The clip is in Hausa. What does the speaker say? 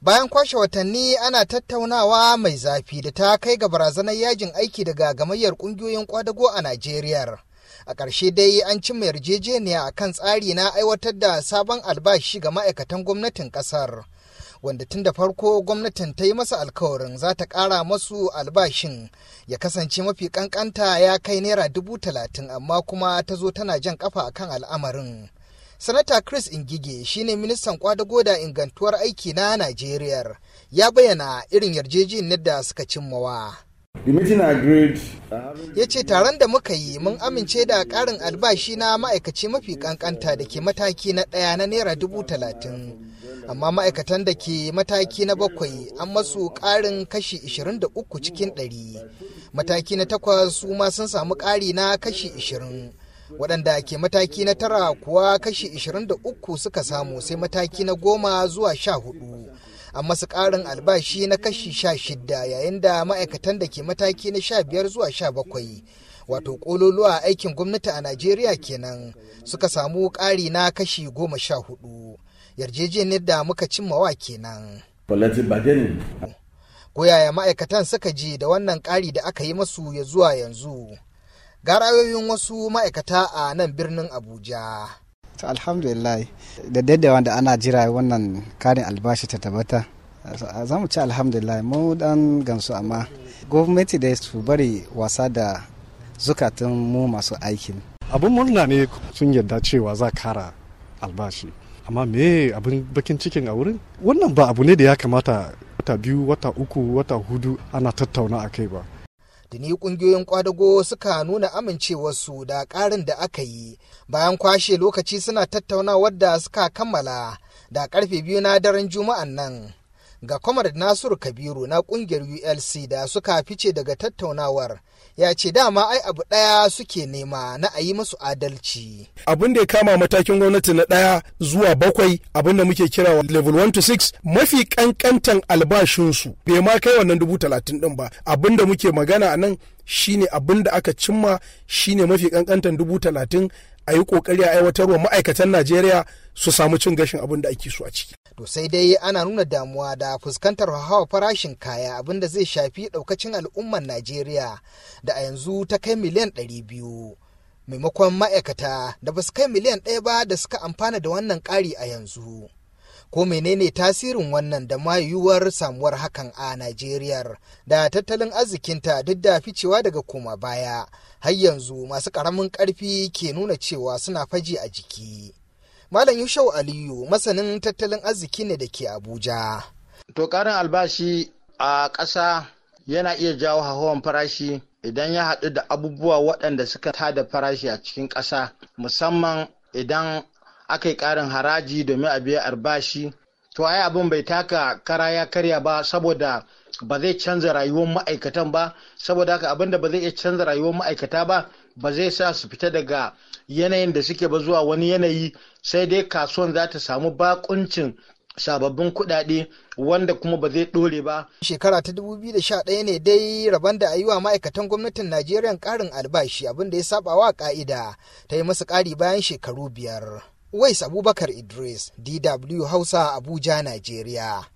bayan kwashe watanni ana tattaunawa mai zafi da ta kai ga barazanar yajin aiki daga gamayyar kungiyoyin kwadago a najeriya a ƙarshe dai an cimma yarjejeniya a kan tsari na aiwatar da sabon albashi ga ma'aikatan gwamnatin ƙasar wanda tun da farko gwamnatin ta yi masa alkawarin za ta ƙara masu albashin ya kasance mafi ƙanƙanta ya kai naira dubu talatin amma kuma ta zo tana jan ƙafa akan al'amarin sanata chris ingige shine ministan kwadago da ingantuwar aiki na najeriya ya bayyana irin yarjejeniyar da suka cimmawa ya ce taron da muka yi mun amince da ƙarin albashi na ma'aikaci mafi kankanta da ke mataki na ɗaya na naira dubu talatin amma ma'aikatan da ke mataki na bakwai an masu ƙarin kashi 23 cikin ɗari, mataki na takwas su ma sun samu kari na kashi 20 waɗanda ke mataki na tara kuwa kashi 23 suka samu sai mataki na goma zuwa sha hudu a masu ƙarin albashi na kashi sha shida yayin da ma'aikatan da ke mataki na sha biyar zuwa sha bakwai wato ƙololuwa aikin gwamnati a najeriya kenan suka samu ƙari na kashi goma sha hudu yarjejeniyar da muka cimma cimmawa kenan ko yaya ma'aikatan suka ji da wannan ƙari da aka yi masu ya zuwa yanzu ga ra'ayoyin wasu ma'aikata a nan birnin abuja alhamdulillah da daidaiwa da ana jira wannan karin albashi ta tabbata za mu ci alhamdulillah mu dan gamsu amma gwamnati da su bari wasa da zukatun mu masu aikin abin murna ne sun yarda cewa za kara albashi amma me abin bakin cikin a wurin wannan ba abu ne da ya kamata wata biyu wata uku wata hudu ana tattauna a kai ba tuni kungiyoyin kwadago suka nuna amincewarsu da ƙarin da aka yi bayan kwashe lokaci suna tattaunawar da suka kammala da karfe biyu na daren juma'an nan ga kwamar nasiru kabiru na kungiyar ulc da suka fice daga tattaunawar ya ce dama ai abu ɗaya suke nema na a yi masu adalci. Abin da ya kama matakin gwamnati na ɗaya zuwa bakwai abin da muke kira wa level 1 to 6 mafi kankantan albashinsu bai ma kai wannan dubu talatin ɗin ba abin da muke magana a nan shine abin da aka cimma shine mafi kankantan dubu talatin a yi kokari a aiwatarwa ma'aikatan najeriya su samu cin gashin abin da ake so a ciki to sai dai ana nuna damuwa da fuskantar hawa farashin kaya abin da zai shafi daukacin al'ummar najeriya da a yanzu ta kai miliyan ɗari biyu maimakon ma'aikata da ba su kai miliyan ɗaya ba da suka amfana da wannan ƙari a yanzu ko menene tasirin wannan da ma yiwuwar samuwar hakan a Najeriya da tattalin arzikinta duk da ficewa daga koma baya har yanzu masu karamin ƙarfi ke nuna cewa suna faji a jiki. Malam Yushau Aliyu masanin tattalin arziki ne da ke Abuja. To karin albashi a ƙasa yana iya jawo hawan farashi idan ya haɗu da abubuwa waɗanda suka tada farashi a cikin ƙasa musamman idan aka yi ƙarin haraji domin a biya albashi to ai abin bai taka kara ya karya ba saboda ba zai canza rayuwar ma'aikatan ba saboda haka abin da ba zai iya canza rayuwar ma'aikata ba ba zai sa su fita daga yanayin da suke ba zuwa wani yanayi sai dai kasuwan za ta samu bakuncin sababbin kuɗaɗe wanda kuma ba zai ɗore ba. Shekara ta 2011 ne dai rabon da a wa ma'aikatan gwamnatin Najeriya karin albashi abin da ya saba wa ƙa'ida ta yi musu ƙari bayan shekaru biyar. Wais Abubakar Idris, DW Hausa, Abuja, Najeriya.